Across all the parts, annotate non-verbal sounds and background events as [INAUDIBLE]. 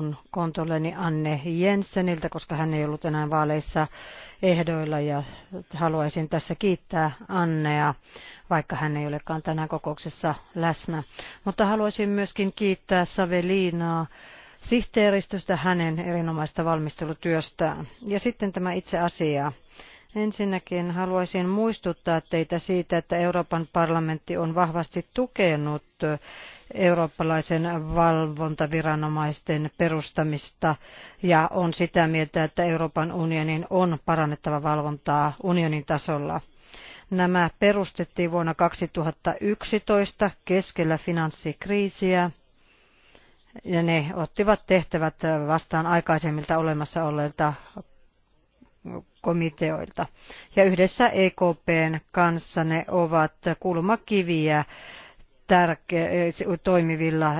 minun kontolleni Anne Jenseniltä, koska hän ei ollut enää vaaleissa ehdoilla ja haluaisin tässä kiittää Annea, vaikka hän ei olekaan tänään kokouksessa läsnä. Mutta haluaisin myöskin kiittää Savelinaa sihteeristöstä hänen erinomaista valmistelutyöstään. Ja sitten tämä itse asia. Ensinnäkin haluaisin muistuttaa teitä siitä, että Euroopan parlamentti on vahvasti tukenut eurooppalaisen valvontaviranomaisten perustamista ja on sitä mieltä, että Euroopan unionin on parannettava valvontaa unionin tasolla. Nämä perustettiin vuonna 2011 keskellä finanssikriisiä ja ne ottivat tehtävät vastaan aikaisemmilta olemassa olleilta komiteoilta. Ja yhdessä EKPn kanssa ne ovat kulmakiviä tärke- eh, toimivilla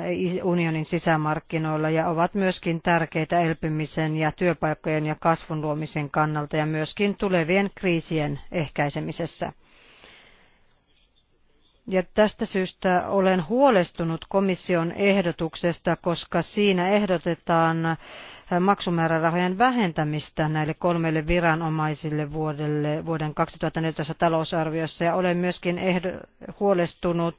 unionin sisämarkkinoilla ja ovat myöskin tärkeitä elpymisen ja työpaikkojen ja kasvun luomisen kannalta ja myöskin tulevien kriisien ehkäisemisessä. Ja tästä syystä olen huolestunut komission ehdotuksesta, koska siinä ehdotetaan maksumäärärahojen vähentämistä näille kolmelle viranomaisille vuodelle, vuoden 2014 talousarviossa ja olen myöskin ehdo, huolestunut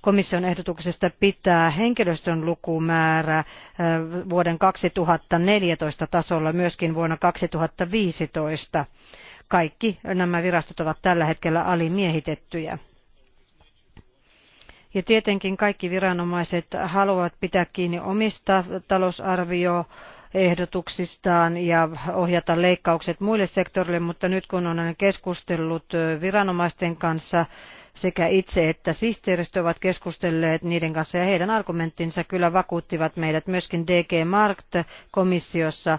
komission ehdotuksesta pitää henkilöstön lukumäärä vuoden 2014 tasolla myöskin vuonna 2015. Kaikki nämä virastot ovat tällä hetkellä alimiehitettyjä. Ja tietenkin kaikki viranomaiset haluavat pitää kiinni omista talousarvioon ehdotuksistaan ja ohjata leikkaukset muille sektorille, mutta nyt kun olen keskustellut viranomaisten kanssa, sekä itse että sihteeristö ovat keskustelleet niiden kanssa ja heidän argumenttinsa kyllä vakuuttivat meidät myöskin DG Markt komissiossa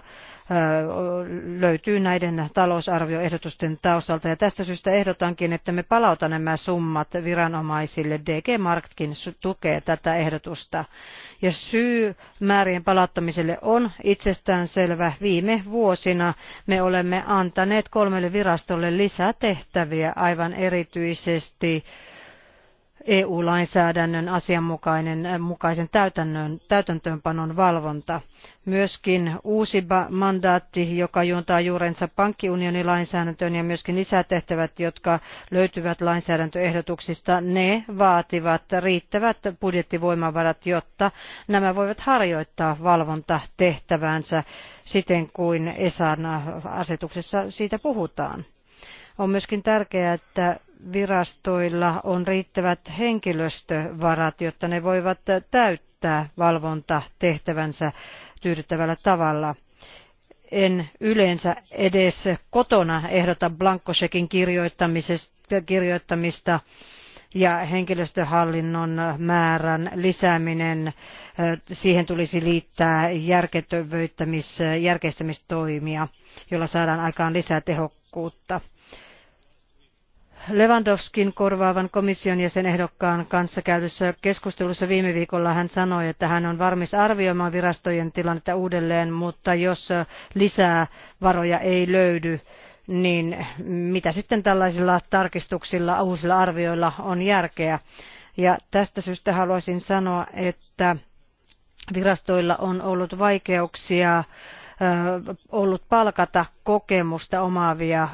löytyy näiden talousarvioehdotusten taustalta. Ja tästä syystä ehdotankin, että me palautamme nämä summat viranomaisille. DG Marktkin tukee tätä ehdotusta. Ja syy määrien palauttamiselle on itsestään selvä. Viime vuosina me olemme antaneet kolmelle virastolle lisää tehtäviä aivan erityisesti EU-lainsäädännön asianmukainen äh, mukaisen täytäntöönpanon valvonta. Myöskin uusi mandaatti, joka juontaa juurensa pankkiunionilainsäädäntöön ja myöskin lisätehtävät, jotka löytyvät lainsäädäntöehdotuksista, ne vaativat riittävät budjettivoimavarat, jotta nämä voivat harjoittaa valvontatehtäväänsä siten kuin ESAN asetuksessa siitä puhutaan. On myöskin tärkeää, että virastoilla on riittävät henkilöstövarat, jotta ne voivat täyttää valvontatehtävänsä tyydyttävällä tavalla. En yleensä edes kotona ehdota blankosekin kirjoittamista ja henkilöstöhallinnon määrän lisääminen. Siihen tulisi liittää järkeistämistoimia, joilla saadaan aikaan lisää tehokkuutta Lewandowskin korvaavan komission jäsenehdokkaan kanssa käydyssä keskustelussa viime viikolla hän sanoi, että hän on valmis arvioimaan virastojen tilannetta uudelleen, mutta jos lisää varoja ei löydy, niin mitä sitten tällaisilla tarkistuksilla, uusilla arvioilla on järkeä. Ja tästä syystä haluaisin sanoa, että virastoilla on ollut vaikeuksia ollut palkata kokemusta omaavia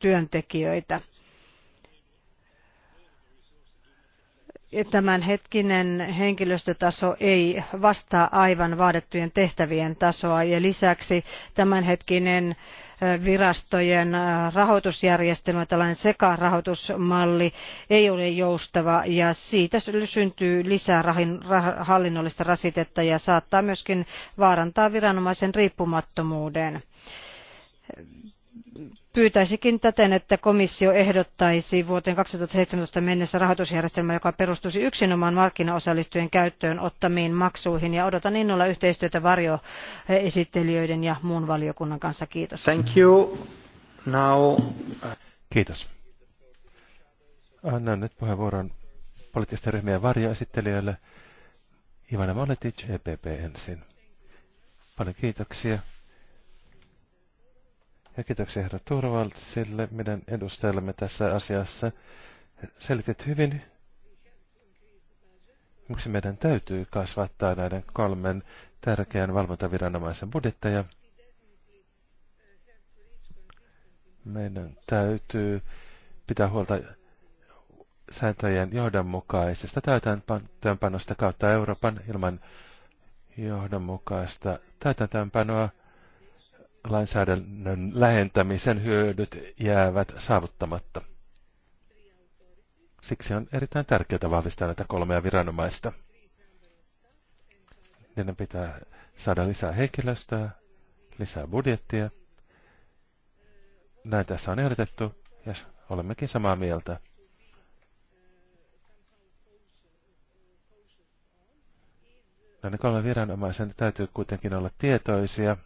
työntekijöitä tämänhetkinen henkilöstötaso ei vastaa aivan vaadittujen tehtävien tasoa ja lisäksi tämänhetkinen virastojen rahoitusjärjestelmä, tällainen sekarahoitusmalli, ei ole joustava ja siitä syntyy lisää rahin, hallinnollista rasitetta ja saattaa myöskin vaarantaa viranomaisen riippumattomuuden pyytäisikin täten, että komissio ehdottaisi vuoteen 2017 mennessä rahoitusjärjestelmää, joka perustuisi yksinomaan markkinaosallistujien käyttöön ottamiin maksuihin. Ja odotan innolla yhteistyötä varjoesittelijöiden ja muun valiokunnan kanssa. Kiitos. Thank you. Now... Uh, Kiitos. Annan nyt puheenvuoron poliittisten ryhmien varjoesittelijöille. Ivana Maletic, EPP ensin. Paljon kiitoksia. Ja kiitoksia herra sille meidän edustajallemme tässä asiassa. Selitit hyvin, miksi meidän täytyy kasvattaa näiden kolmen tärkeän valvontaviranomaisen budjetteja. Meidän täytyy pitää huolta sääntöjen johdonmukaisesta täytäntöönpanosta kautta Euroopan ilman johdonmukaista täytäntöönpanoa lainsäädännön lähentämisen hyödyt jäävät saavuttamatta. Siksi on erittäin tärkeää vahvistaa näitä kolmea viranomaista. Niiden pitää saada lisää henkilöstöä, lisää budjettia. Näin tässä on ehdotettu ja olemmekin samaa mieltä. Näiden kolmen viranomaisen täytyy kuitenkin olla tietoisia –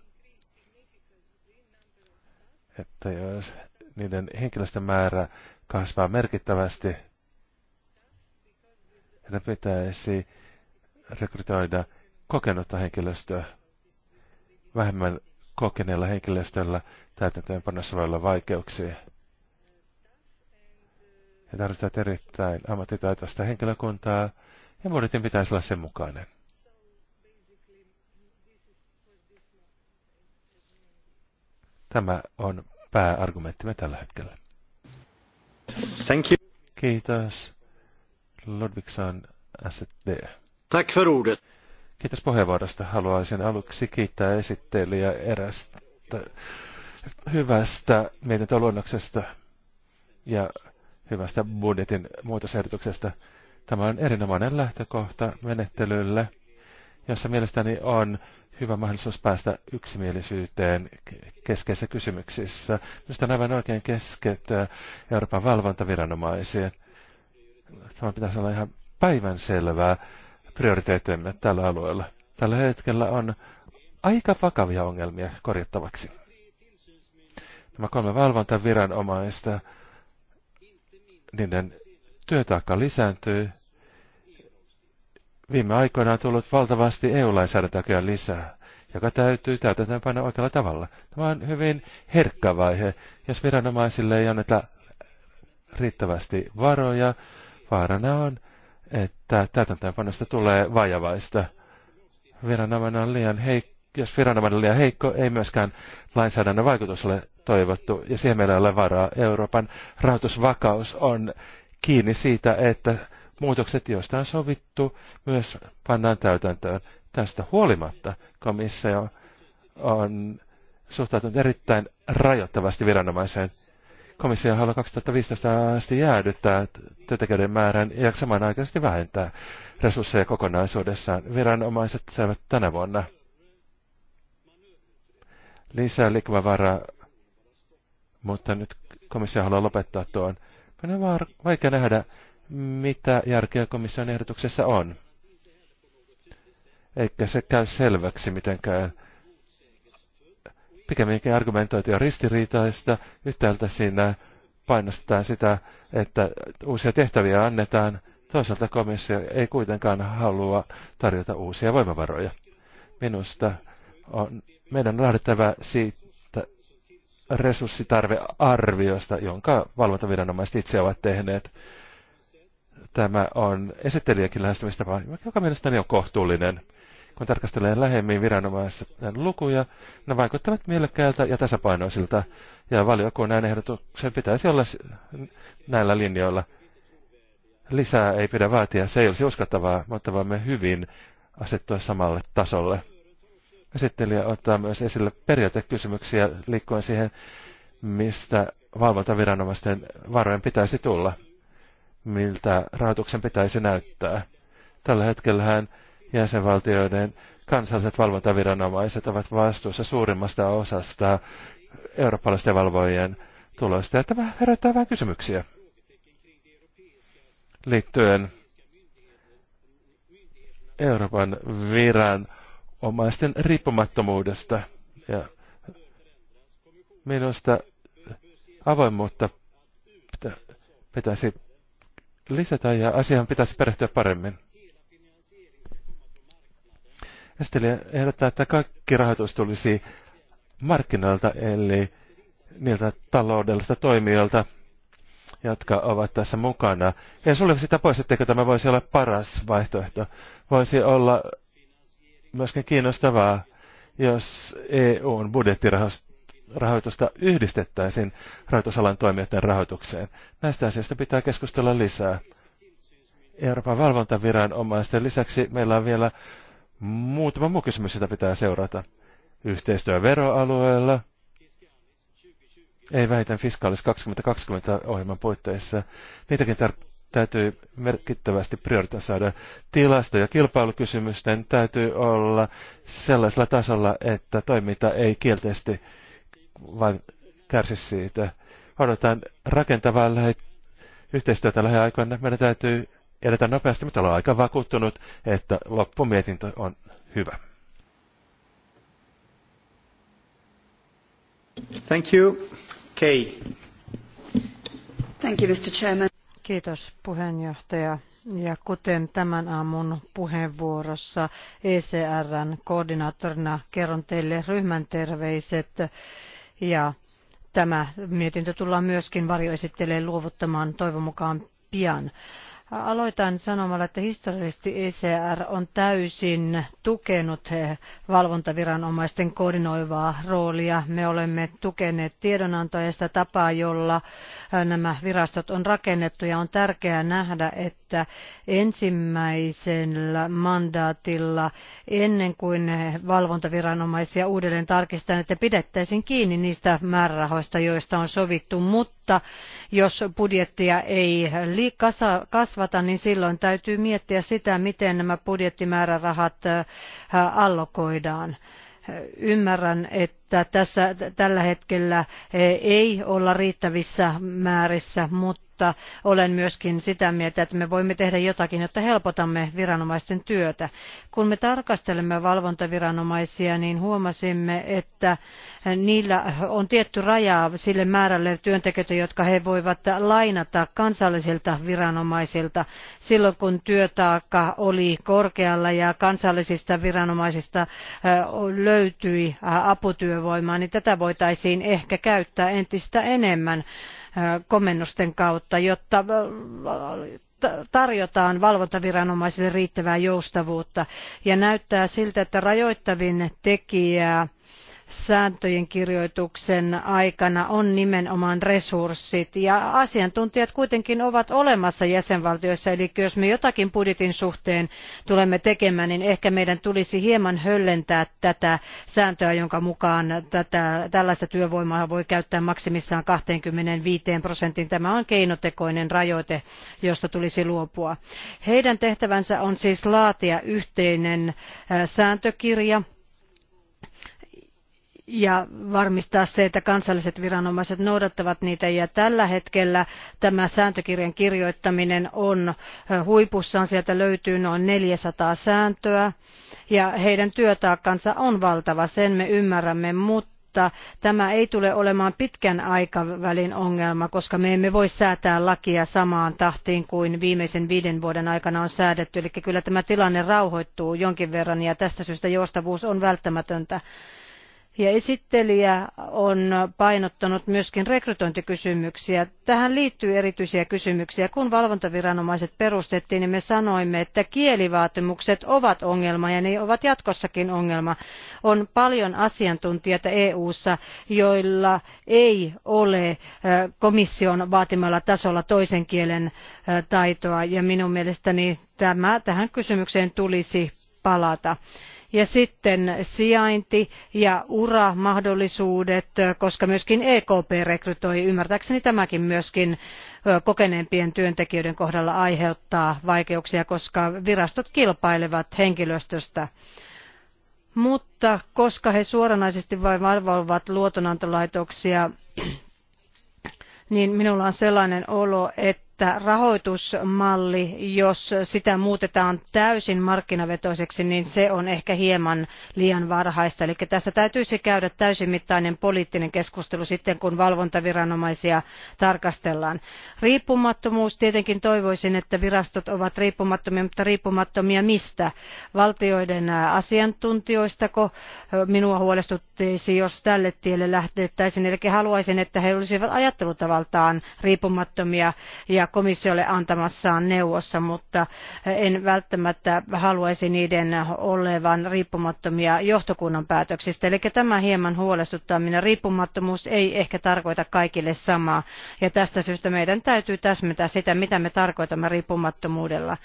että jos niiden henkilöstön määrä kasvaa merkittävästi, heidän pitäisi rekrytoida kokenutta henkilöstöä. Vähemmän kokeneella henkilöstöllä täytäntöönpanossa voi olla vaikeuksia. He tarvitsevat erittäin ammattitaitoista henkilökuntaa ja budjetin pitäisi olla sen mukainen. Tämä on pääargumenttimme tällä hetkellä. Thank you. Kiitos. Ludvigsson SD. Tack för ordet. Kiitos puheenvuorosta. Haluaisin aluksi kiittää esittelijä erästä hyvästä mietintöluonnoksesta ja hyvästä budjetin muutosehdotuksesta. Tämä on erinomainen lähtökohta menettelylle, jossa mielestäni on hyvä mahdollisuus päästä yksimielisyyteen keskeisissä kysymyksissä. Minusta on aivan oikein keskeyttää äh, Euroopan valvontaviranomaisiin. Tämä pitäisi olla ihan päivänselvää prioriteettimme tällä alueella. Tällä hetkellä on aika vakavia ongelmia korjattavaksi. Nämä kolme valvontaviranomaista, niiden työtaakka lisääntyy Viime aikoina on tullut valtavasti EU-lainsäädäntöä lisää, joka täytyy täytäntöönpanna oikealla tavalla. Tämä on hyvin herkkä vaihe. Jos viranomaisille ei anneta riittävästi varoja, vaarana on, että täytäntöönpanosta tulee vajavaista. Viranomainen on liian heikko jos viranomainen on liian heikko, ei myöskään lainsäädännön vaikutus ole toivottu, ja siihen meillä ei ole varaa. Euroopan rahoitusvakaus on kiinni siitä, että muutokset, joista on sovittu, myös pannaan täytäntöön. Tästä huolimatta komissio on suhtautunut erittäin rajoittavasti viranomaiseen. Komissio haluaa 2015 asti jäädyttää työntekijöiden määrän ja samanaikaisesti vähentää resursseja kokonaisuudessaan. Viranomaiset saavat tänä vuonna lisää liikkumavaraa, mutta nyt komissio haluaa lopettaa tuon. on vaikea nähdä, mitä järkeä komission ehdotuksessa on. Eikä se käy selväksi mitenkään. Pikemminkin argumentointi on ristiriitaista. Yhtäältä siinä painostetaan sitä, että uusia tehtäviä annetaan. Toisaalta komissio ei kuitenkaan halua tarjota uusia voimavaroja. Minusta on, meidän on lähdettävä siitä resurssitarvearviosta, jonka valvontaviranomaiset itse ovat tehneet tämä on esittelijäkin lähestymistapa, joka mielestäni on kohtuullinen. Kun tarkastelee lähemmin viranomaisten lukuja, ne vaikuttavat mielekkäiltä ja tasapainoisilta, ja valiokunnan ehdotuksen pitäisi olla näillä linjoilla. Lisää ei pidä vaatia, se ei olisi uskottavaa, mutta voimme hyvin asettua samalle tasolle. Esittelijä ottaa myös esille periaatekysymyksiä liikkuen siihen, mistä valvontaviranomaisten varojen pitäisi tulla miltä rahoituksen pitäisi näyttää. Tällä hetkellähän jäsenvaltioiden kansalliset valvontaviranomaiset ovat vastuussa suurimmasta osasta eurooppalaisten valvojien tulosta. Ja tämä herättää vähän kysymyksiä liittyen Euroopan viran omaisten riippumattomuudesta. Ja minusta avoimuutta pitäisi lisätä ja asiaan pitäisi perehtyä paremmin. Esteli ehdottaa, että kaikki rahoitus tulisi markkinoilta, eli niiltä taloudellisilta toimijoilta, jotka ovat tässä mukana. En sulje sitä pois, etteikö tämä voisi olla paras vaihtoehto. Voisi olla myöskin kiinnostavaa, jos EUn budjettirahoista rahoitusta yhdistettäisiin rahoitusalan toimijoiden rahoitukseen. Näistä asioista pitää keskustella lisää. Euroopan valvontaviranomaisten lisäksi meillä on vielä muutama muu kysymys, sitä pitää seurata. Yhteistyö veroalueella, ei vähiten fiskaalis 2020 ohjelman puitteissa. Niitäkin täytyy merkittävästi prioritisoida. Tilasto- ja kilpailukysymysten täytyy olla sellaisella tasolla, että toiminta ei kielteisesti vain kärsi siitä. Odotan rakentavaa lähe- yhteistyötä lähiaikoina. Meidän täytyy edetä nopeasti, mutta olen aika vakuuttunut, että loppumietintö on hyvä. Thank you. Kay. Thank you, Mr. Chairman. Kiitos puheenjohtaja. Ja kuten tämän aamun puheenvuorossa ECRn koordinaattorina kerron teille ryhmän terveiset ja tämä mietintö tullaan myöskin varjoesittelee luovuttamaan toivon mukaan pian. Aloitan sanomalla, että historiallisesti ECR on täysin tukenut valvontaviranomaisten koordinoivaa roolia. Me olemme tukeneet tiedonantoja sitä tapaa, jolla nämä virastot on rakennettu ja on tärkeää nähdä, että että ensimmäisellä mandaatilla ennen kuin valvontaviranomaisia uudelleen tarkistetaan, että pidettäisiin kiinni niistä määrärahoista, joista on sovittu, mutta jos budjettia ei kasvata, niin silloin täytyy miettiä sitä, miten nämä budjettimäärärahat äh, allokoidaan ymmärrän, että tässä tällä hetkellä äh, ei olla riittävissä määrissä, mutta mutta olen myöskin sitä mieltä, että me voimme tehdä jotakin, jotta helpotamme viranomaisten työtä. Kun me tarkastelemme valvontaviranomaisia, niin huomasimme, että niillä on tietty raja sille määrälle työntekijöitä, jotka he voivat lainata kansallisilta viranomaisilta silloin, kun työtaakka oli korkealla ja kansallisista viranomaisista löytyi aputyövoimaa, niin tätä voitaisiin ehkä käyttää entistä enemmän komennusten kautta, jotta tarjotaan valvontaviranomaisille riittävää joustavuutta. Ja näyttää siltä, että rajoittavin tekijä sääntöjen kirjoituksen aikana on nimenomaan resurssit ja asiantuntijat kuitenkin ovat olemassa jäsenvaltioissa eli jos me jotakin budjetin suhteen tulemme tekemään niin ehkä meidän tulisi hieman höllentää tätä sääntöä jonka mukaan tätä, tällaista työvoimaa voi käyttää maksimissaan 25 prosenttiin. Tämä on keinotekoinen rajoite, josta tulisi luopua. Heidän tehtävänsä on siis laatia yhteinen sääntökirja ja varmistaa se, että kansalliset viranomaiset noudattavat niitä. Ja tällä hetkellä tämä sääntökirjan kirjoittaminen on huipussaan. Sieltä löytyy noin 400 sääntöä ja heidän työtaakkansa on valtava, sen me ymmärrämme, mutta mutta tämä ei tule olemaan pitkän aikavälin ongelma, koska me emme voi säätää lakia samaan tahtiin kuin viimeisen viiden vuoden aikana on säädetty. Eli kyllä tämä tilanne rauhoittuu jonkin verran ja tästä syystä joustavuus on välttämätöntä. Ja esittelijä on painottanut myöskin rekrytointikysymyksiä. Tähän liittyy erityisiä kysymyksiä. Kun valvontaviranomaiset perustettiin, niin me sanoimme, että kielivaatimukset ovat ongelma ja ne ovat jatkossakin ongelma. On paljon asiantuntijoita EU-ssa, joilla ei ole komission vaatimalla tasolla toisen kielen taitoa ja minun mielestäni tämä, tähän kysymykseen tulisi palata. Ja sitten sijainti ja uramahdollisuudet, koska myöskin EKP rekrytoi, ymmärtääkseni tämäkin myöskin kokeneempien työntekijöiden kohdalla aiheuttaa vaikeuksia, koska virastot kilpailevat henkilöstöstä mutta koska he suoranaisesti vain valvovat luotonantolaitoksia, [CLEARS THROAT] niin minulla on sellainen olo, että että rahoitusmalli, jos sitä muutetaan täysin markkinavetoiseksi, niin se on ehkä hieman liian varhaista. Eli tässä täytyisi käydä täysimittainen poliittinen keskustelu sitten, kun valvontaviranomaisia tarkastellaan. Riippumattomuus tietenkin toivoisin, että virastot ovat riippumattomia, mutta riippumattomia mistä? Valtioiden asiantuntijoistako? Minua huolestuttaisi, jos tälle tielle lähtettäisiin. Eli haluaisin, että he olisivat ajattelutavaltaan riippumattomia ja komissiolle antamassaan neuvossa, mutta en välttämättä haluaisi niiden olevan riippumattomia johtokunnan päätöksistä. Eli tämä hieman huolestuttaa minä. Riippumattomuus ei ehkä tarkoita kaikille samaa. Ja tästä syystä meidän täytyy täsmentää sitä, mitä me tarkoitamme riippumattomuudella.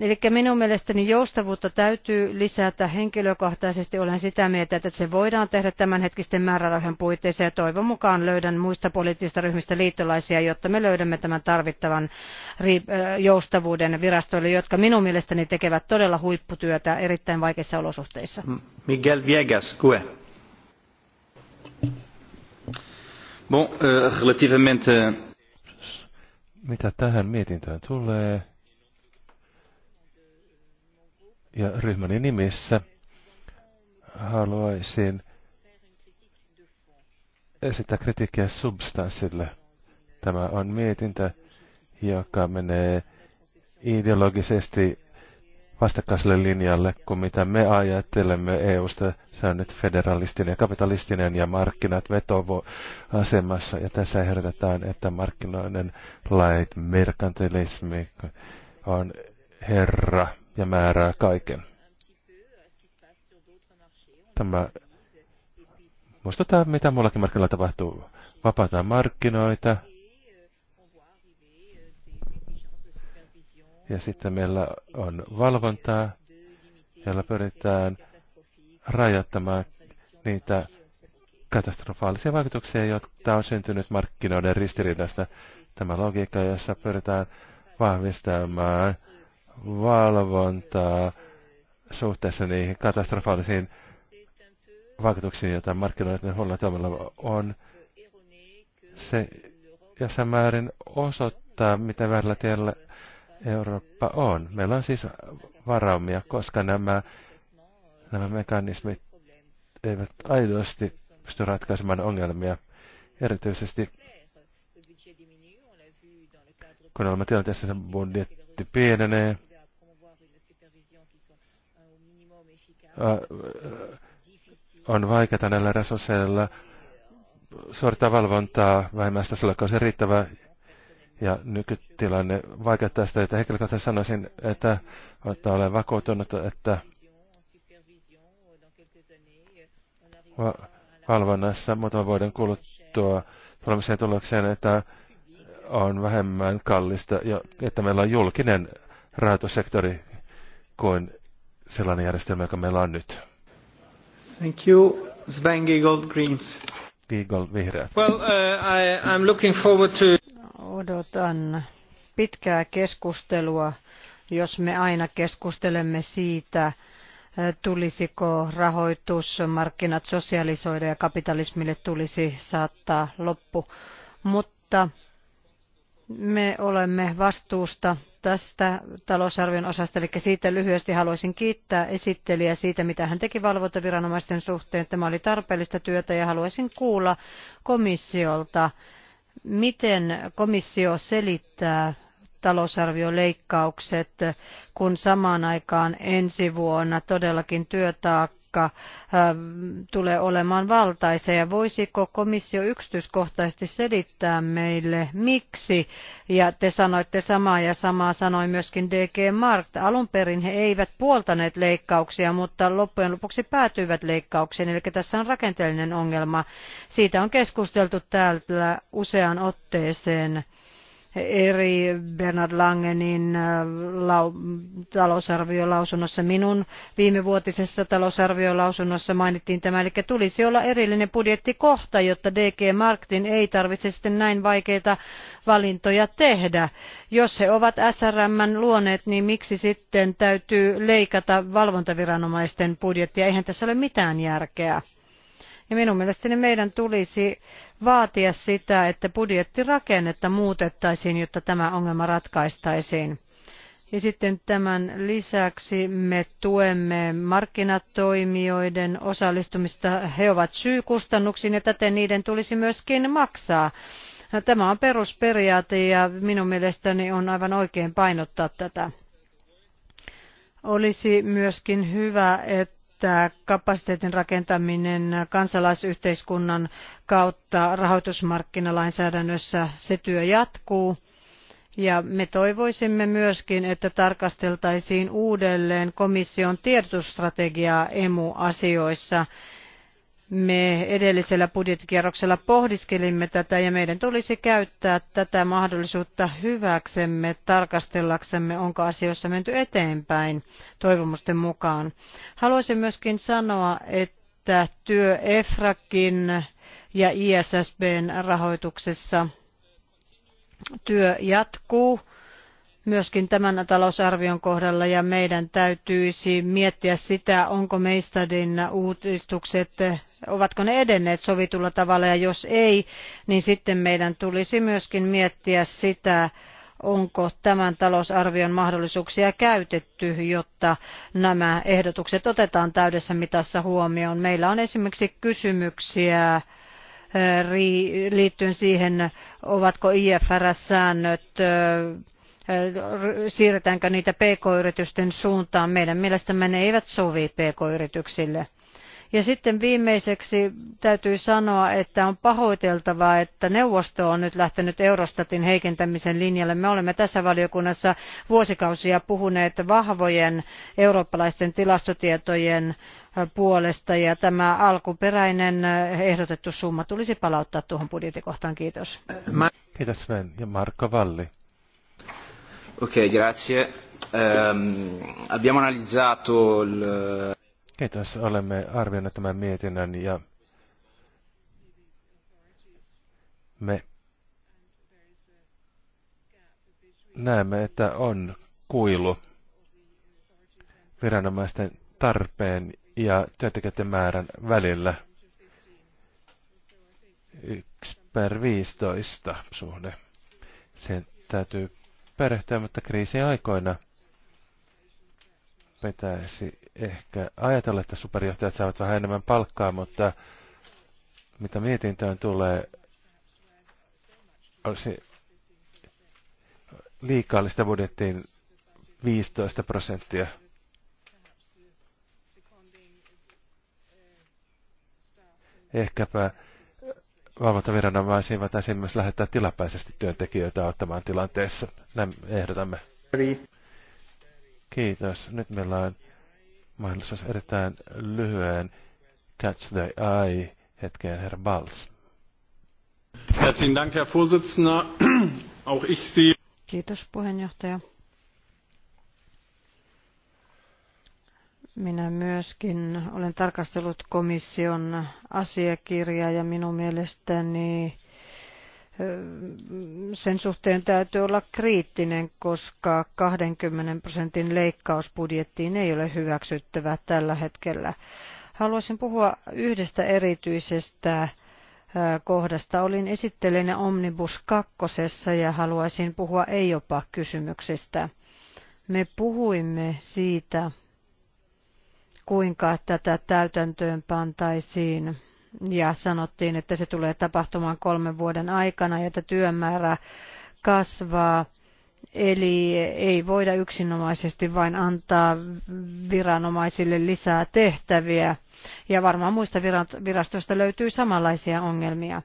Eli minun mielestäni joustavuutta täytyy lisätä henkilökohtaisesti. Olen sitä mieltä, että se voidaan tehdä tämänhetkisten määrärahojen puitteissa ja toivon mukaan löydän muista poliittisista ryhmistä liittolaisia, jotta me löydämme tämän tarvittavan joustavuuden virastoille, jotka minun mielestäni tekevät todella huipputyötä erittäin vaikeissa olosuhteissa. Miguel Viegas, Gue. Bon, euh, relativamente... Euh, Mitä tähän mietintään tulee, ja ryhmäni nimissä haluaisin esittää kritiikkiä substanssille. Tämä on mietintä, joka menee ideologisesti vastakkaiselle linjalle kuin mitä me ajattelemme EU-sta. Se on nyt federalistinen ja kapitalistinen ja markkinat asemassa. Ja tässä ehdotetaan, että markkinoiden lait merkantilismi on herra ja määrää kaiken. Tämä muistuttaa, mitä muillakin markkinoilla tapahtuu. Vapataan markkinoita. Ja sitten meillä on valvontaa, jolla pyritään rajoittamaan niitä katastrofaalisia vaikutuksia, jotka on syntynyt markkinoiden ristiriidasta. Tämä logiikka, jossa pyritään vahvistamaan valvontaa suhteessa niihin katastrofaalisiin vaikutuksiin, joita markkinoiden huolella toimilla on. Se jossain määrin osoittaa, miten väärällä tiellä Eurooppa on. Meillä on siis varaumia, koska nämä, nämä mekanismit eivät aidosti pysty ratkaisemaan ongelmia. Erityisesti kun olemme tilanteessa, sen budjetti pienenee, Äh, äh, on vaikeaa näillä resursseilla suorittaa valvontaa sillä, kun se riittävä ja nykytilanne vaikeuttaa sitä, että henkilökohtaisesti sanoisin, että, että olen vakuutunut, että valvonnassa muutaman vuoden kuluttua tulemiseen tulokseen, että on vähemmän kallista ja että meillä on julkinen rahoitussektori kuin sellainen järjestelmä, joka meillä on nyt. Thank you, Sven Giegold Greens. Giegold Vihreät. Well, uh, I, I'm looking forward to... Odotan pitkää keskustelua, jos me aina keskustelemme siitä, eh, tulisiko rahoitusmarkkinat sosialisoida ja kapitalismille tulisi saattaa loppu. Mutta me olemme vastuusta tästä talousarvion osasta, eli siitä lyhyesti haluaisin kiittää esittelijää siitä, mitä hän teki valvontaviranomaisten suhteen. Tämä oli tarpeellista työtä ja haluaisin kuulla komissiolta, miten komissio selittää talousarvioleikkaukset, kun samaan aikaan ensi vuonna todellakin työtaakka taakka ähm, tulee olemaan valtaisa ja voisiko komissio yksityiskohtaisesti selittää meille miksi ja te sanoitte samaa ja samaa sanoi myöskin DG Markt. Alun perin he eivät puoltaneet leikkauksia, mutta loppujen lopuksi päätyivät leikkauksiin, eli tässä on rakenteellinen ongelma. Siitä on keskusteltu täällä useaan otteeseen eri Bernard Langenin äh, talousarviolausunnossa, minun viimevuotisessa talousarviolausunnossa mainittiin tämä, eli tulisi olla erillinen budjettikohta, jotta DG Marktin ei tarvitse sitten näin vaikeita valintoja tehdä. Jos he ovat SRM luoneet, niin miksi sitten täytyy leikata valvontaviranomaisten budjettia? Eihän tässä ole mitään järkeä. Ja minun mielestäni meidän tulisi vaatia sitä, että budjettirakennetta muutettaisiin, jotta tämä ongelma ratkaistaisiin. Ja sitten tämän lisäksi me tuemme markkinatoimijoiden osallistumista. He ovat syykustannuksiin ja täten niiden tulisi myöskin maksaa. Tämä on perusperiaate ja minun mielestäni on aivan oikein painottaa tätä. Olisi myöskin hyvä, että että kapasiteetin rakentaminen kansalaisyhteiskunnan kautta rahoitusmarkkinalainsäädännössä se työ jatkuu. Ja me toivoisimme myöskin, että tarkasteltaisiin uudelleen komission tiedotusstrategiaa emu-asioissa me edellisellä budjettikierroksella pohdiskelimme tätä ja meidän tulisi käyttää tätä mahdollisuutta hyväksemme, tarkastellaksemme, onko asioissa menty eteenpäin toivomusten mukaan. Haluaisin myöskin sanoa, että työ EFRAKin ja ISSBn rahoituksessa työ jatkuu myöskin tämän talousarvion kohdalla ja meidän täytyisi miettiä sitä, onko Meistadin uutistukset ovatko ne edenneet sovitulla tavalla ja jos ei, niin sitten meidän tulisi myöskin miettiä sitä, onko tämän talousarvion mahdollisuuksia käytetty, jotta nämä ehdotukset otetaan täydessä mitassa huomioon. Meillä on esimerkiksi kysymyksiä eh, liittyen siihen, ovatko IFRS-säännöt eh, siirretäänkö niitä pk-yritysten suuntaan. Meidän mielestämme ne eivät sovi pk-yrityksille. Ja sitten viimeiseksi täytyy sanoa, että on pahoiteltavaa, että neuvosto on nyt lähtenyt Eurostatin heikentämisen linjalle. Me olemme tässä valiokunnassa vuosikausia puhuneet vahvojen eurooppalaisten tilastotietojen puolesta ja tämä alkuperäinen ehdotettu summa tulisi palauttaa tuohon budjettikohtaan. Kiitos. Kiitos Sven ja Marko Valli. Okei, okay, grazie. Um, abbiamo analizzato il... Kiitos. Olemme arvioineet tämän mietinnän ja me näemme, että on kuilu viranomaisten tarpeen ja työntekijöiden määrän välillä. 1 per 15 suhde. Sen täytyy perehtyä, mutta kriisiaikoina pitäisi ehkä ajatella, että superjohtajat saavat vähän enemmän palkkaa, mutta mitä mietintöön tulee, olisi liikaa budjettiin 15 prosenttia. Ehkäpä valvontaviranomaisiin voitaisiin myös lähettää tilapäisesti työntekijöitä auttamaan tilanteessa. Näin ehdotamme. Kiitos. Nyt meillä on mahdollisuus erittäin lyhyen catch the eye hetkeen, herra Bals. Herzlichen Dank, Herr Vorsitzender. [CLEARS THROAT] Auch ich sehe... Kiitos puheenjohtaja. Minä myöskin olen tarkastellut komission asiakirjaa ja minun mielestäni sen suhteen täytyy olla kriittinen, koska 20 prosentin leikkaus budjettiin ei ole hyväksyttävä tällä hetkellä. Haluaisin puhua yhdestä erityisestä kohdasta. Olin esittelijänä Omnibus 2 ja haluaisin puhua ei jopa kysymyksestä. Me puhuimme siitä, kuinka tätä täytäntöön pantaisiin ja sanottiin, että se tulee tapahtumaan kolmen vuoden aikana ja että työmäärä kasvaa. Eli ei voida yksinomaisesti vain antaa viranomaisille lisää tehtäviä. Ja varmaan muista virastoista löytyy samanlaisia ongelmia.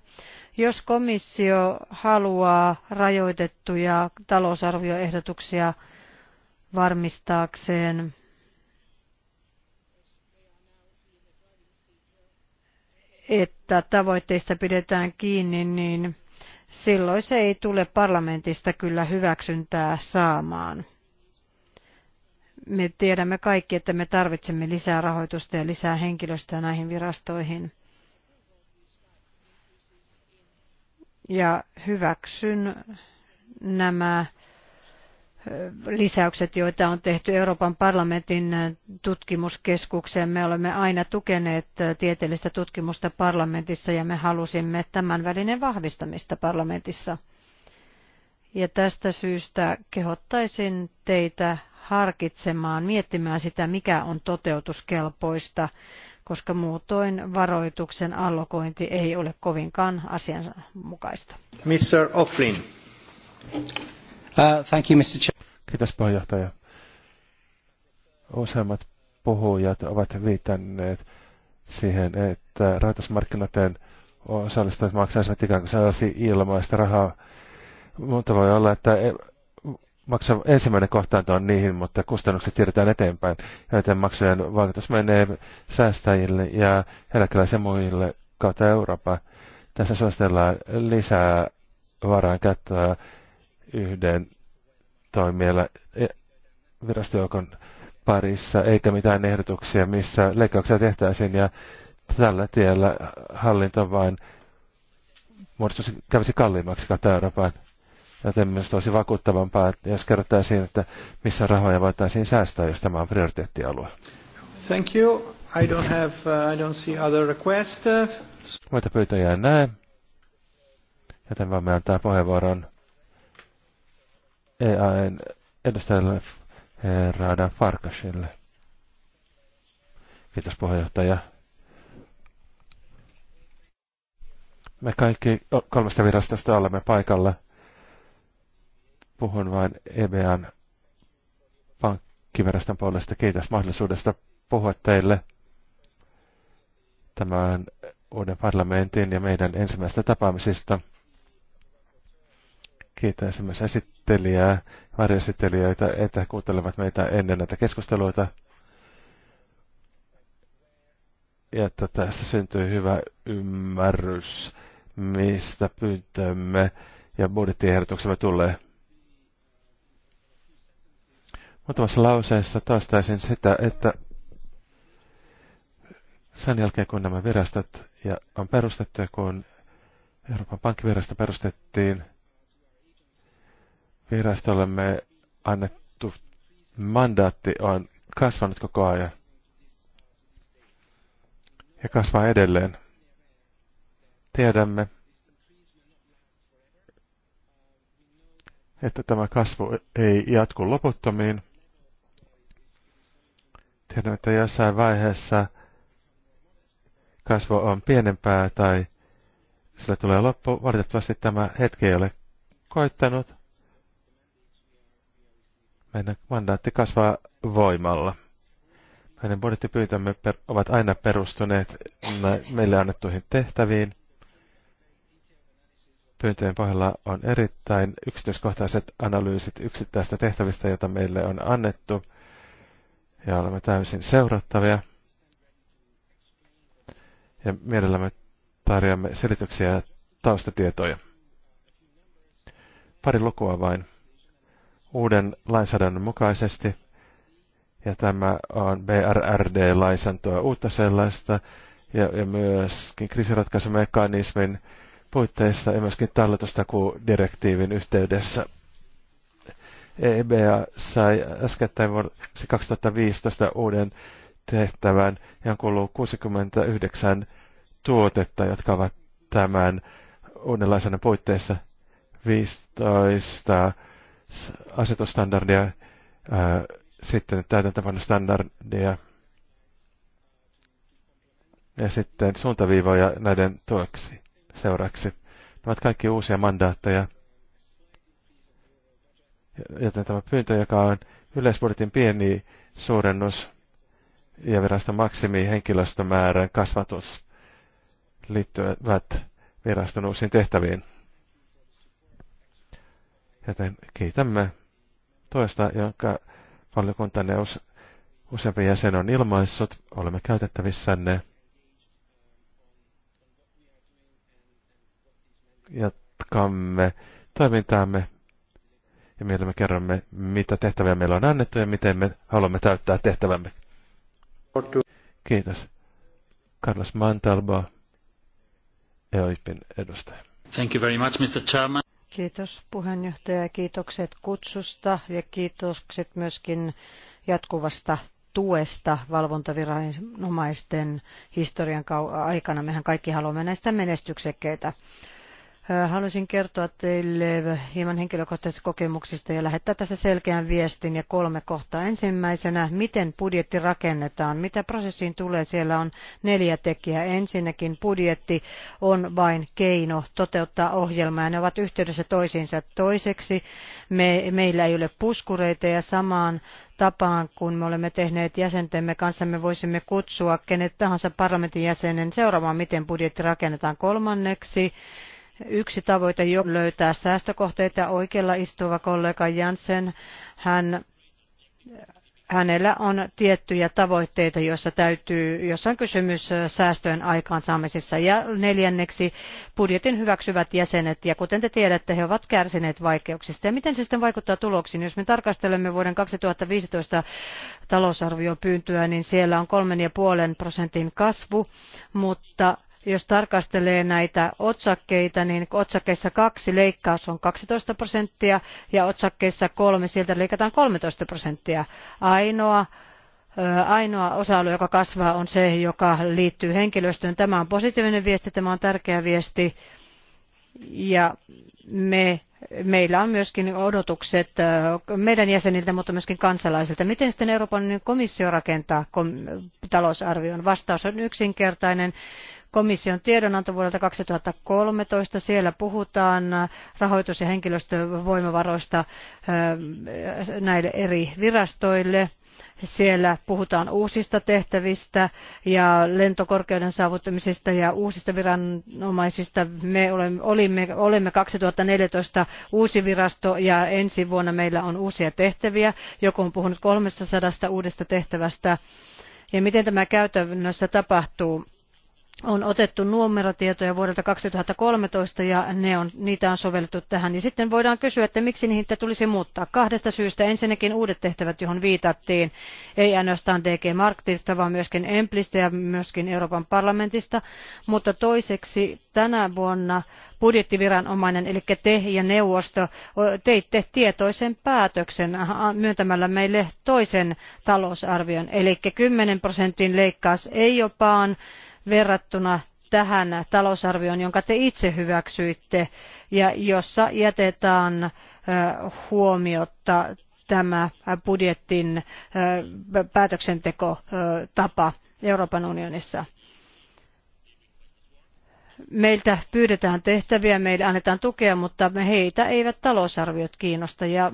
Jos komissio haluaa rajoitettuja talousarvioehdotuksia varmistaakseen että tavoitteista pidetään kiinni, niin silloin se ei tule parlamentista kyllä hyväksyntää saamaan. Me tiedämme kaikki, että me tarvitsemme lisää rahoitusta ja lisää henkilöstöä näihin virastoihin. Ja hyväksyn nämä lisäykset, joita on tehty Euroopan parlamentin tutkimuskeskukseen. Me olemme aina tukeneet tieteellistä tutkimusta parlamentissa ja me halusimme tämän välinen vahvistamista parlamentissa. Ja tästä syystä kehottaisin teitä harkitsemaan, miettimään sitä, mikä on toteutuskelpoista, koska muutoin varoituksen allokointi ei ole kovinkaan asianmukaista. Mr. Uh, Kiitos puheenjohtaja. Useimmat puhujat ovat viitanneet siihen, että rahoitusmarkkinoiden osallistujat maksaisivat ikään kuin sellaisia ilmaista rahaa. Mutta voi olla, että e- maksa, ensimmäinen kohtaanto on niihin, mutta kustannukset siirretään eteenpäin. Joten maksujen vaikutus menee säästäjille ja eläkeläisille muille kautta Eurooppaan. Tässä suositellaan lisää varaan käyttöä yhden toimijalla e, virastojoukon parissa, eikä mitään ehdotuksia, missä leikkauksia tehtäisiin ja tällä tiellä hallinto vain muodostuisi, kävisi kalliimmaksi kautta Euroopan. Joten minusta olisi vakuuttavampaa, jos kerrottaisiin, että missä rahoja voitaisiin säästää, jos tämä on prioriteettialue. Thank you. I don't have, uh, I don't see other requests. Muita pyytäjiä en näe, joten voimme antaa puheenvuoron EAN edustajalle Rada Farkasille. Kiitos puheenjohtaja. Me kaikki kolmesta virastosta olemme paikalla. Puhun vain EBAn pankkiviraston puolesta. Kiitos mahdollisuudesta puhua teille tämän uuden parlamentin ja meidän ensimmäistä tapaamisista – Kiitäisin myös esittelijää, varjoesittelijöitä, että he kuuntelevat meitä ennen näitä keskusteluita. Ja että tässä syntyy hyvä ymmärrys, mistä pyyntömme ja budjettiehdotuksemme tulee. Muutamassa lauseessa toistaisin sitä, että sen jälkeen kun nämä virastot ja on perustettu ja kun Euroopan pankkivirasto perustettiin – virastollemme annettu mandaatti on kasvanut koko ajan ja kasvaa edelleen. Tiedämme, että tämä kasvu ei jatku loputtomiin. Tiedämme, että jossain vaiheessa kasvu on pienempää tai sillä tulee loppu. Valitettavasti tämä hetki ei ole koittanut. Meidän mandaatti kasvaa voimalla. Meidän budjettipyyntömme ovat aina perustuneet meille annettuihin tehtäviin. Pyyntöjen pohjalla on erittäin yksityiskohtaiset analyysit yksittäistä tehtävistä, joita meille on annettu, ja olemme täysin seurattavia. Ja mielellämme tarjoamme selityksiä ja taustatietoja. Pari lukua vain uuden lainsäädännön mukaisesti. Ja tämä on BRRD-lainsäädäntöä uutta sellaista ja, ja myöskin kriisiratkaisumekanismin puitteissa ja myöskin talletustakuudirektiivin yhteydessä. EBA sai äskettäin vuonna 2015 uuden tehtävän, ja on 69 tuotetta, jotka ovat tämän uudenlaisena puitteissa 15 asetusstandardeja, ää, sitten standardia ja sitten suuntaviivoja näiden tueksi seuraksi. Ne ovat kaikki uusia mandaatteja, joten tämä pyyntö, joka on yleisbudjetin pieni suurennus ja viraston maksimi henkilöstömäärän kasvatus liittyvät viraston uusiin tehtäviin. Joten kiitämme toista, jonka valiokuntanne us, useampi jäsen on ilmaissut. Olemme käytettävissänne. Jatkamme toimintaamme ja meillä me kerromme, mitä tehtäviä meillä on annettu ja miten me haluamme täyttää tehtävämme. Kiitos. Carlos Mantalba, EOIPin edustaja. Thank you very much, Mr. Chairman. Kiitos puheenjohtaja, kiitokset kutsusta ja kiitokset myöskin jatkuvasta tuesta valvontaviranomaisten historian aikana. Mehän kaikki haluamme näistä menestyksekkeitä Haluaisin kertoa teille hieman henkilökohtaisista kokemuksista ja lähettää tässä selkeän viestin ja kolme kohtaa. Ensimmäisenä, miten budjetti rakennetaan, mitä prosessiin tulee, siellä on neljä tekijää. Ensinnäkin budjetti on vain keino toteuttaa ohjelmaa ja ne ovat yhteydessä toisiinsa. Toiseksi me, meillä ei ole puskureita ja samaan tapaan, kun me olemme tehneet jäsentemme kanssa, me voisimme kutsua kenet tahansa parlamentin jäsenen seuraamaan, miten budjetti rakennetaan kolmanneksi Yksi tavoite jo löytää säästökohteita. Oikealla istuva kollega Jansen, hän hänellä on tiettyjä tavoitteita, joissa, täytyy, joissa on kysymys säästöjen aikaansaamisessa. Ja neljänneksi budjetin hyväksyvät jäsenet, ja kuten te tiedätte, he ovat kärsineet vaikeuksista. Ja miten se sitten vaikuttaa tuloksiin? Jos me tarkastelemme vuoden 2015 talousarviopyyntöä, niin siellä on kolmen ja puolen prosentin kasvu, mutta jos tarkastelee näitä otsakkeita, niin otsakkeissa kaksi leikkaus on 12 prosenttia ja otsakkeissa kolme sieltä leikataan 13 prosenttia. Ainoa ainoa osa-alue, joka kasvaa, on se, joka liittyy henkilöstöön. Tämä on positiivinen viesti, tämä on tärkeä viesti. Ja me, meillä on myöskin odotukset meidän jäseniltä, mutta myöskin kansalaisilta. Miten sitten Euroopan komissio rakentaa talousarvion? Vastaus on yksinkertainen komission tiedonanto vuodelta 2013. Siellä puhutaan rahoitus- ja henkilöstövoimavaroista näille eri virastoille. Siellä puhutaan uusista tehtävistä ja lentokorkeuden saavuttamisesta ja uusista viranomaisista. Me olemme, olimme, olemme 2014 uusi virasto ja ensi vuonna meillä on uusia tehtäviä. Joku on puhunut 300 uudesta tehtävästä. Ja miten tämä käytännössä tapahtuu? on otettu numerotietoja vuodelta 2013 ja ne on, niitä on sovellettu tähän. Ja sitten voidaan kysyä, että miksi niitä tulisi muuttaa. Kahdesta syystä ensinnäkin uudet tehtävät, johon viitattiin, ei ainoastaan DG Marktista, vaan myöskin Emplistä ja myöskin Euroopan parlamentista. Mutta toiseksi tänä vuonna budjettiviranomainen, eli te ja neuvosto, teitte tietoisen päätöksen myöntämällä meille toisen talousarvion. Eli 10 prosentin leikkaus ei jopaan verrattuna tähän talousarvioon, jonka te itse hyväksyitte ja jossa jätetään huomiotta tämä budjetin päätöksentekotapa Euroopan unionissa. Meiltä pyydetään tehtäviä, meille annetaan tukea, mutta heitä eivät talousarviot kiinnosta ja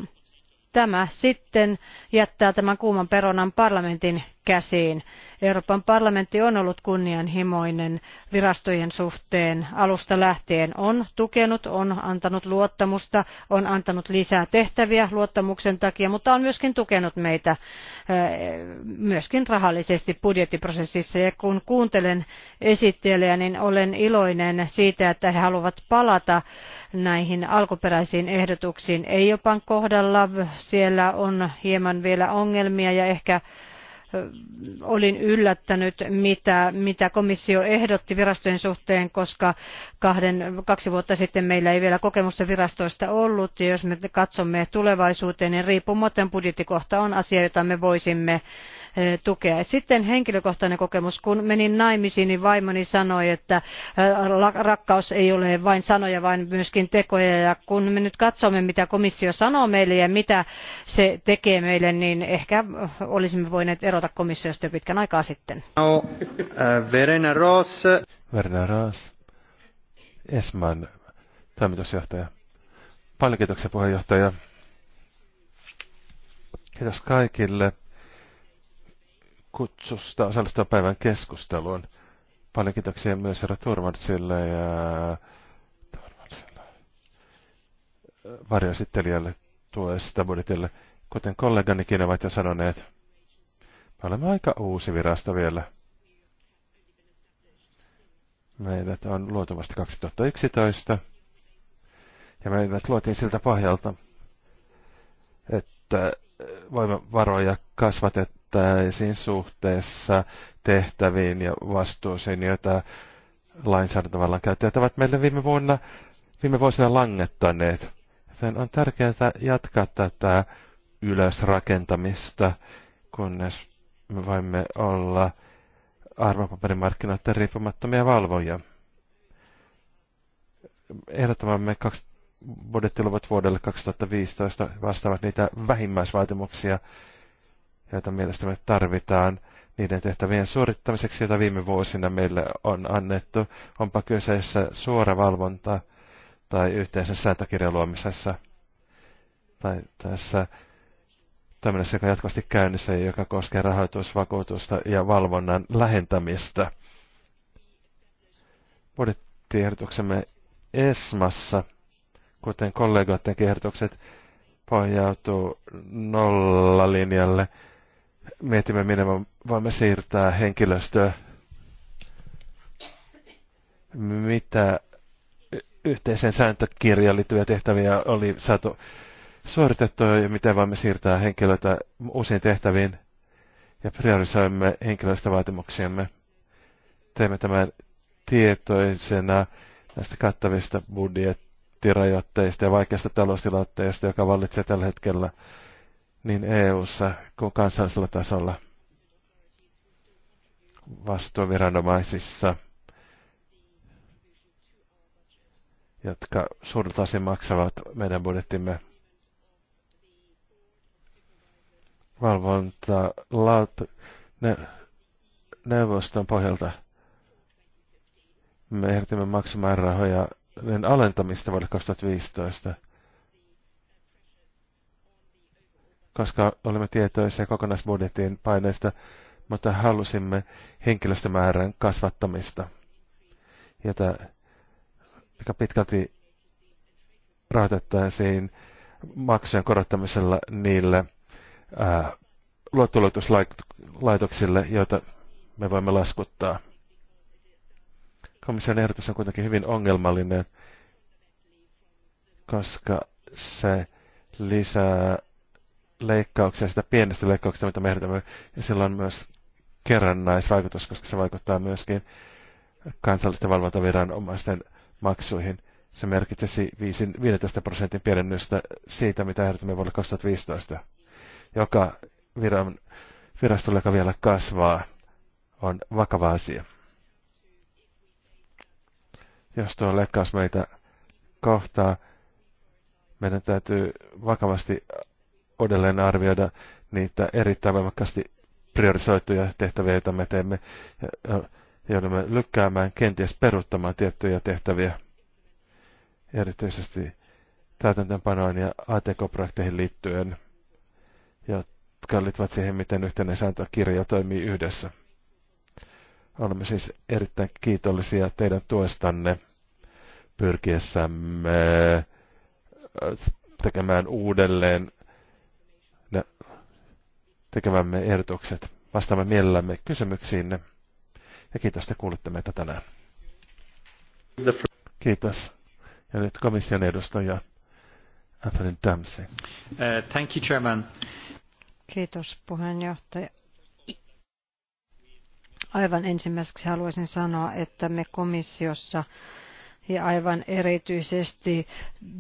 tämä sitten jättää tämän kuuman peronan parlamentin käsiin. Euroopan parlamentti on ollut kunnianhimoinen virastojen suhteen alusta lähtien. On tukenut, on antanut luottamusta, on antanut lisää tehtäviä luottamuksen takia, mutta on myöskin tukenut meitä eh, myöskin rahallisesti budjettiprosessissa. Ja kun kuuntelen esittelijä, niin olen iloinen siitä, että he haluavat palata näihin alkuperäisiin ehdotuksiin. Ei jopa kohdalla siellä on hieman vielä ongelmia ja ehkä olin yllättänyt, mitä, mitä komissio ehdotti virastojen suhteen, koska kahden, kaksi vuotta sitten meillä ei vielä kokemusta virastoista ollut. Ja jos me katsomme tulevaisuuteen, niin riippumaton budjettikohta on asia, jota me voisimme tukea. Sitten henkilökohtainen kokemus. Kun menin naimisiin, niin vaimoni sanoi, että rakkaus ei ole vain sanoja, vaan myöskin tekoja. Ja kun me nyt katsomme, mitä komissio sanoo meille ja mitä se tekee meille, niin ehkä olisimme voineet erota komissiosta jo pitkän aikaa sitten. No, äh, Verena Ross. Verena Ross. Esman toimitusjohtaja. Paljon kiitoksia puheenjohtaja. Kiitos kaikille kutsusta osallistua päivän keskusteluun. Paljon kiitoksia myös herra Turmansille ja Turmansille, varjoesittelijälle tuesta budjetille. Kuten kolleganikin ovat jo sanoneet, me olemme aika uusi virasto vielä. Meidät on luotu vasta 2011 ja meidät luotiin siltä pohjalta, että voimavaroja kasvatet, noudatettaisiin suhteessa tehtäviin ja vastuusiin, joita lainsäädäntövallan käyttäjät ovat meille viime, vuonna, viime vuosina langettaneet. Joten on tärkeää jatkaa tätä ylösrakentamista, kunnes me voimme olla arvopaperimarkkinoiden riippumattomia valvoja. Ehdottamamme kaksi budjettiluvut vuodelle 2015 vastaavat niitä vähimmäisvaatimuksia, joita mielestämme tarvitaan niiden tehtävien suorittamiseksi, joita viime vuosina meille on annettu, onpa kyseessä suora valvonta tai yhteisen sääntökirjan luomisessa tai tässä toiminnassa, joka on jatkuvasti käynnissä ja joka koskee rahoitusvakuutusta ja valvonnan lähentämistä. Budjettiehdotuksemme ESMassa, kuten kollegoiden ehdotukset, pohjautuu nollalinjalle – mietimme, minne voimme siirtää henkilöstöä, mitä yhteiseen sääntökirjaan liittyviä tehtäviä oli saatu suoritettua ja miten voimme siirtää henkilöitä uusiin tehtäviin ja priorisoimme henkilöstövaatimuksiamme. Teemme tämän tietoisena näistä kattavista budjettirajoitteista ja vaikeasta taloustilanteesta, joka vallitsee tällä hetkellä niin EU-ssa kuin kansallisella tasolla vastuuviranomaisissa, jotka suurta maksavat meidän budjettimme valvonta laut, ne, neuvoston pohjalta. Me ehdotimme maksumäärärahoja niin alentamista vuodelle 2015. koska olemme tietoisia kokonaisbudjetin paineista, mutta halusimme henkilöstömäärän kasvattamista, jota aika pitkälti rahoitettaisiin maksujen korottamisella niille ää, luottoluotuslaitoksille, joita me voimme laskuttaa. Komission ehdotus on kuitenkin hyvin ongelmallinen, koska se lisää leikkauksia, sitä pienestä leikkauksesta, mitä me ehdotamme, ja sillä on myös kerrannaisvaikutus, koska se vaikuttaa myöskin kansallisten valvontaviranomaisten maksuihin. Se merkitsisi 15 prosentin pienennystä siitä, mitä ehdotamme vuonna 2015, joka viran, virastolle, joka vielä kasvaa, on vakava asia. Jos tuo leikkaus meitä kohtaa, meidän täytyy vakavasti uudelleen arvioida niitä erittäin voimakkaasti priorisoituja tehtäviä, joita me teemme, ja joudumme lykkäämään, kenties peruuttamaan tiettyjä tehtäviä, erityisesti täytäntöönpanoon ja ATK-projekteihin liittyen, jotka liittyvät siihen, miten yhteinen sääntökirja toimii yhdessä. Olemme siis erittäin kiitollisia teidän tuestanne pyrkiessämme äh, tekemään uudelleen tekemämme ehdotukset. Vastaamme mielellämme kysymyksiinne. Ja kiitos, että kuulitte meitä tänään. Kiitos. Ja nyt komission edustaja Anthony Dempsey. Uh, thank you, Chairman. Kiitos, puheenjohtaja. Aivan ensimmäiseksi haluaisin sanoa, että me komissiossa ja aivan erityisesti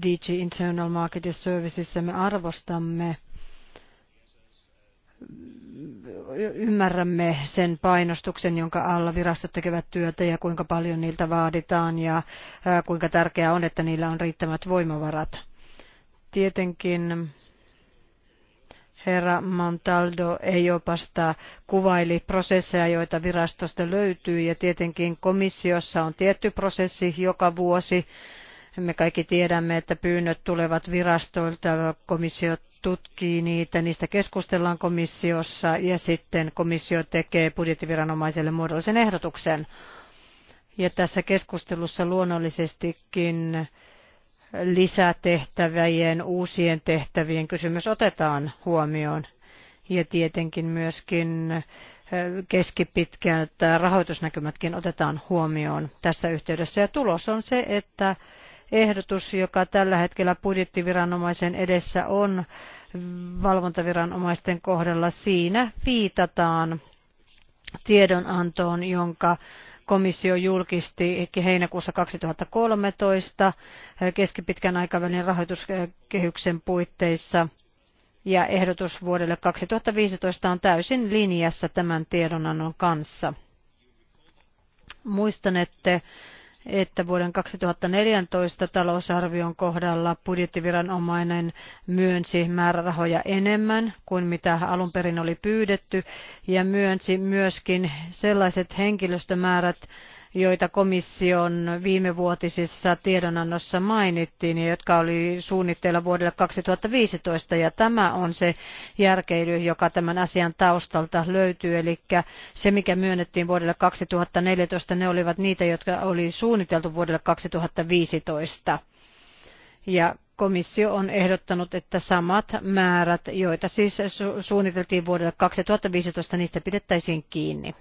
DG Internal Market Servicesissä me arvostamme – ymmärrämme sen painostuksen, jonka alla virastot tekevät työtä ja kuinka paljon niiltä vaaditaan ja kuinka tärkeää on, että niillä on riittävät voimavarat. Tietenkin herra Montaldo opasta kuvaili prosesseja, joita virastosta löytyy ja tietenkin komissiossa on tietty prosessi joka vuosi. Me kaikki tiedämme, että pyynnöt tulevat virastoilta, komissio tutkii niitä, niistä keskustellaan komissiossa ja sitten komissio tekee budjettiviranomaiselle muodollisen ehdotuksen. Ja tässä keskustelussa luonnollisestikin lisätehtävien, uusien tehtävien kysymys otetaan huomioon. Ja tietenkin myöskin keskipitkältä rahoitusnäkymätkin otetaan huomioon tässä yhteydessä. Ja tulos on se, että ehdotus, joka tällä hetkellä budjettiviranomaisen edessä on valvontaviranomaisten kohdalla, siinä viitataan tiedonantoon, jonka komissio julkisti heinäkuussa 2013 keskipitkän aikavälin rahoituskehyksen puitteissa ja ehdotus vuodelle 2015 on täysin linjassa tämän tiedonannon kanssa. Muistanette, että että vuoden 2014 talousarvion kohdalla budjettiviranomainen myönsi määrärahoja enemmän kuin mitä alun perin oli pyydetty ja myönsi myöskin sellaiset henkilöstömäärät, joita komission viimevuotisissa tiedonannossa mainittiin ja jotka oli suunnitteilla vuodelle 2015. Ja tämä on se järkeily, joka tämän asian taustalta löytyy. Eli se, mikä myönnettiin vuodelle 2014, ne olivat niitä, jotka oli suunniteltu vuodelle 2015. Ja komissio on ehdottanut, että samat määrät, joita siis suunniteltiin vuodelle 2015, niistä pidettäisiin kiinni.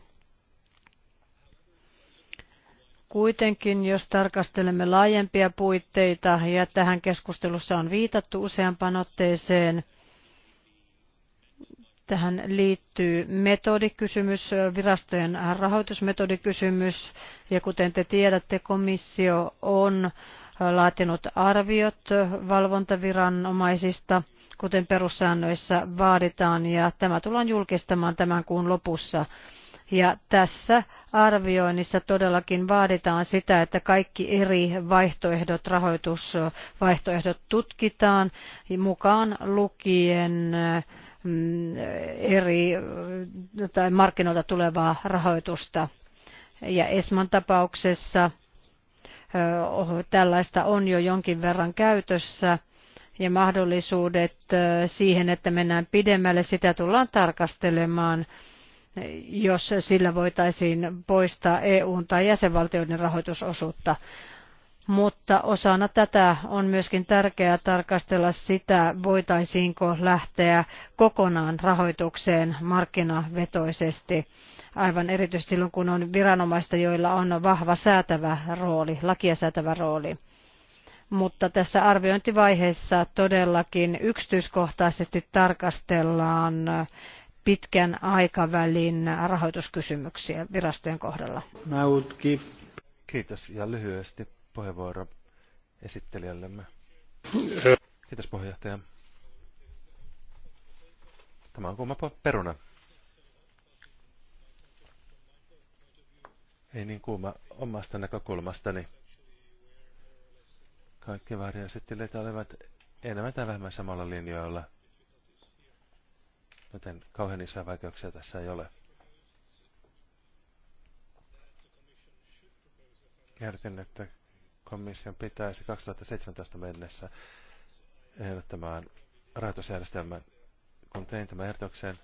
Kuitenkin, jos tarkastelemme laajempia puitteita, ja tähän keskustelussa on viitattu useampaan otteeseen, Tähän liittyy metodikysymys, virastojen rahoitusmetodikysymys, ja kuten te tiedätte, komissio on laatinut arviot valvontaviranomaisista, kuten perussäännöissä vaaditaan, ja tämä tullaan julkistamaan tämän kuun lopussa. Ja tässä arvioinnissa todellakin vaaditaan sitä, että kaikki eri vaihtoehdot, rahoitusvaihtoehdot tutkitaan mukaan lukien mm, eri tai markkinoilta tulevaa rahoitusta. Ja Esman tapauksessa tällaista on jo jonkin verran käytössä ja mahdollisuudet siihen, että mennään pidemmälle, sitä tullaan tarkastelemaan jos sillä voitaisiin poistaa EUn tai jäsenvaltioiden rahoitusosuutta. Mutta osana tätä on myöskin tärkeää tarkastella sitä, voitaisiinko lähteä kokonaan rahoitukseen markkinavetoisesti, aivan erityisesti silloin kun on viranomaista, joilla on vahva säätävä rooli, lakia säätävä rooli mutta tässä arviointivaiheessa todellakin yksityiskohtaisesti tarkastellaan pitkän aikavälin rahoituskysymyksiä virastojen kohdalla. Kiitos ja lyhyesti puheenvuoro esittelijällemme. Kiitos puheenjohtaja. Tämä on kuuma peruna. Ei niin kuuma omasta näkökulmastani. Kaikki varjoesittelijät olivat enemmän tai vähemmän samalla linjoilla – joten kauhean isoja vaikeuksia tässä ei ole. Kertin, että komission pitäisi 2017 mennessä ehdottamaan rahoitusjärjestelmän. Kun tein tämän ehdotuksen,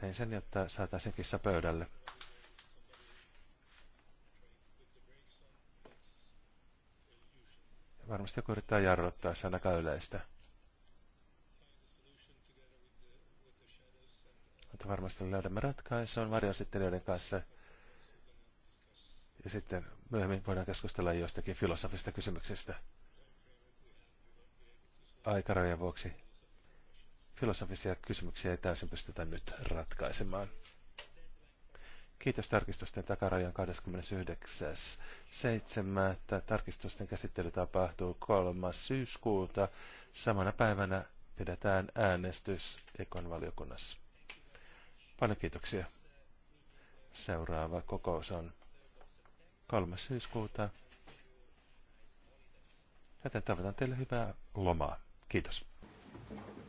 tein sen, jotta saataisiin kissa pöydälle. Varmasti joku yrittää jarruttaa, se on aika yleistä. mutta varmasti löydämme ratkaisun varjoesittelijöiden kanssa. Ja sitten myöhemmin voidaan keskustella joistakin filosofista kysymyksistä. Aikarajan vuoksi filosofisia kysymyksiä ei täysin pystytä nyt ratkaisemaan. Kiitos tarkistusten takarajan 29.7. Tarkistusten käsittely tapahtuu 3. syyskuuta. Samana päivänä pidetään äänestys Ekon valiokunnassa. Paljon kiitoksia. Seuraava kokous on 3. syyskuuta. Joten toivotan teille hyvää lomaa. Kiitos. Thank you.